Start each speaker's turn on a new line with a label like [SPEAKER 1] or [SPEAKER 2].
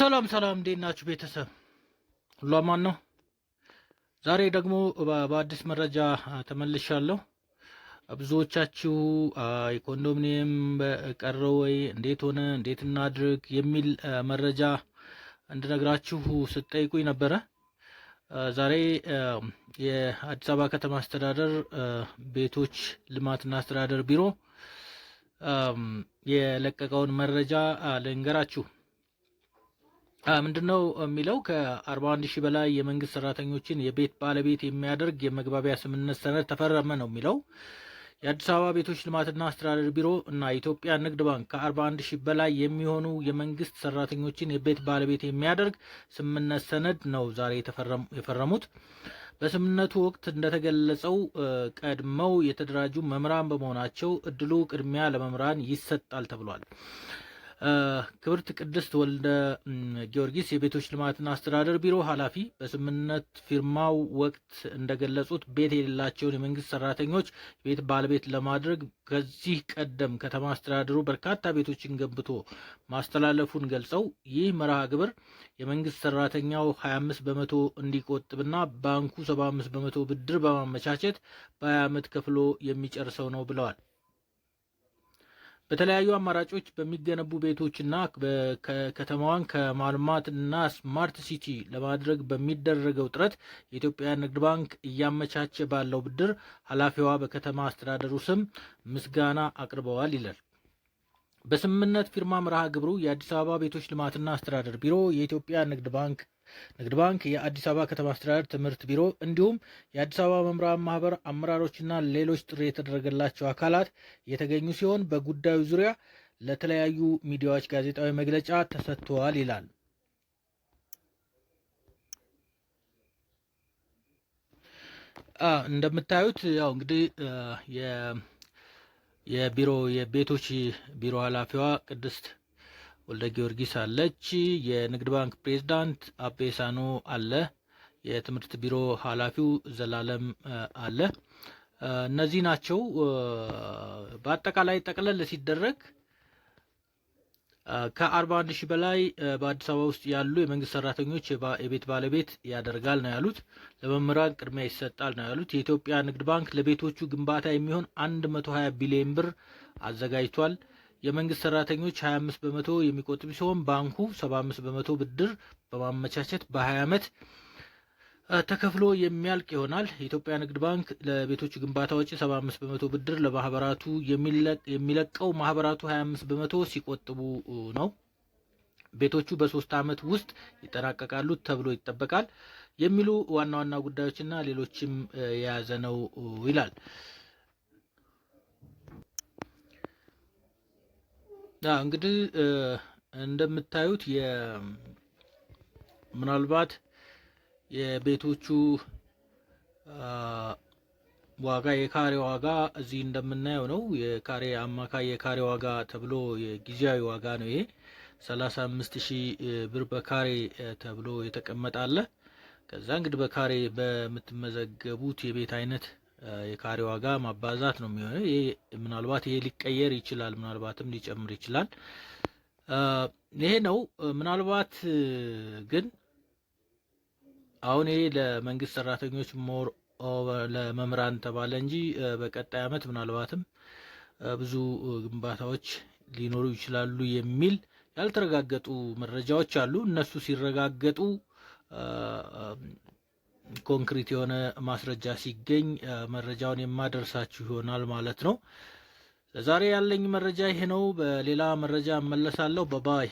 [SPEAKER 1] ሰላም ሰላም፣ እንዴት ናችሁ ቤተሰብ? ሁሉ አማን ነው? ዛሬ ደግሞ በአዲስ መረጃ ተመልሻለሁ። ብዙዎቻችሁ የኮንዶሚኒየም ቀረ ወይ፣ እንዴት ሆነ፣ እንዴት እናድርግ የሚል መረጃ እንድነግራችሁ ስትጠይቁኝ ነበረ። ዛሬ የአዲስ አበባ ከተማ አስተዳደር ቤቶች ልማትና አስተዳደር ቢሮ የለቀቀውን መረጃ ልንገራችሁ። ምንድነው የሚለው ከ41 ሺህ በላይ የመንግስት ሰራተኞችን የቤት ባለቤት የሚያደርግ የመግባቢያ ስምምነት ሰነድ ተፈረመ ነው የሚለው። የአዲስ አበባ ቤቶች ልማትና አስተዳደር ቢሮ እና የኢትዮጵያ ንግድ ባንክ ከ41 ሺህ በላይ የሚሆኑ የመንግስት ሰራተኞችን የቤት ባለቤት የሚያደርግ ስምምነት ሰነድ ነው ዛሬ የፈረሙት። በስምምነቱ ወቅት እንደተገለጸው ቀድመው የተደራጁ መምህራን በመሆናቸው እድሉ ቅድሚያ ለመምህራን ይሰጣል ተብሏል። ክብርት ቅድስት ወልደ ጊዮርጊስ የቤቶች ልማትና አስተዳደር ቢሮ ኃላፊ በስምምነት ፊርማው ወቅት እንደገለጹት ቤት የሌላቸውን የመንግስት ሰራተኞች ቤት ባለቤት ለማድረግ ከዚህ ቀደም ከተማ አስተዳደሩ በርካታ ቤቶችን ገንብቶ ማስተላለፉን ገልጸው ይህ መርሃ ግብር የመንግስት ሰራተኛው 25 በመቶ እንዲቆጥብና ባንኩ 75 በመቶ ብድር በማመቻቸት በ20 ዓመት ከፍሎ የሚጨርሰው ነው ብለዋል። በተለያዩ አማራጮች በሚገነቡ ቤቶችና ከተማዋን ከማልማት ስማርት ሲቲ ለማድረግ በሚደረገው ጥረት የኢትዮጵያ ንግድ ባንክ እያመቻቸ ባለው ብድር ኃላፊዋ በከተማ አስተዳደሩ ስም ምስጋና አቅርበዋል ይላል። በስምምነት ፊርማ መርሃ ግብሩ የአዲስ አበባ ቤቶች ልማትና አስተዳደር ቢሮ፣ የኢትዮጵያ ንግድ ባንክ ንግድ ባንክ፣ የአዲስ አበባ ከተማ አስተዳደር ትምህርት ቢሮ እንዲሁም የአዲስ አበባ መምህራን ማህበር አመራሮችና ሌሎች ጥሪ የተደረገላቸው አካላት የተገኙ ሲሆን በጉዳዩ ዙሪያ ለተለያዩ ሚዲያዎች ጋዜጣዊ መግለጫ ተሰጥተዋል ይላል። እንደምታዩት ያው እንግዲህ የቢሮ የቤቶች ቢሮ ኃላፊዋ ቅድስት ወልደ ጊዮርጊስ አለች። የንግድ ባንክ ፕሬዝዳንት አቤሳኖ አለ። የትምህርት ቢሮ ኃላፊው ዘላለም አለ። እነዚህ ናቸው። በአጠቃላይ ጠቅለል ሲደረግ ከ41 ሺህ በላይ በአዲስ አበባ ውስጥ ያሉ የመንግስት ሰራተኞች የቤት ባለቤት ያደርጋል ነው ያሉት። ለመምህራን ቅድሚያ ይሰጣል ነው ያሉት። የኢትዮጵያ ንግድ ባንክ ለቤቶቹ ግንባታ የሚሆን ሀያ ቢሊዮን ብር አዘጋጅቷል። የመንግስት ሰራተኞች 25 በመቶ የሚቆጥብ ሲሆን ባንኩ 75 በመቶ ብድር በማመቻቸት በ20 ዓመት ተከፍሎ የሚያልቅ ይሆናል። የኢትዮጵያ ንግድ ባንክ ለቤቶች ግንባታ ወጪ 75 በመቶ ብድር ለማህበራቱ የሚለቀው ማህበራቱ 25 በመቶ ሲቆጥቡ ነው። ቤቶቹ በሶስት ዓመት ውስጥ ይጠናቀቃሉ ተብሎ ይጠበቃል የሚሉ ዋና ዋና ጉዳዮችና ሌሎችም የያዘ ነው ይላል። እንግዲህ እንደምታዩት ምናልባት የቤቶቹ ዋጋ የካሬ ዋጋ እዚህ እንደምናየው ነው። የካሬ አማካይ የካሬ ዋጋ ተብሎ የጊዜያዊ ዋጋ ነው ይሄ 35 ሺህ ብር በካሬ ተብሎ የተቀመጣለ። ከዛ እንግዲህ በካሬ በምትመዘገቡት የቤት አይነት የካሬ ዋጋ ማባዛት ነው የሚሆነው። ይሄ ምናልባት ይሄ ሊቀየር ይችላል፣ ምናልባትም ሊጨምር ይችላል። ይሄ ነው። ምናልባት ግን አሁን ይሄ ለመንግስት ሰራተኞች ሞር ለመምህራን ተባለ እንጂ በቀጣይ ዓመት ምናልባትም ብዙ ግንባታዎች ሊኖሩ ይችላሉ የሚል ያልተረጋገጡ መረጃዎች አሉ። እነሱ ሲረጋገጡ ኮንክሪት የሆነ ማስረጃ ሲገኝ መረጃውን የማደርሳችሁ ይሆናል ማለት ነው። ለዛሬ ያለኝ መረጃ ይሄ ነው። በሌላ መረጃ እመለሳለሁ። በባይ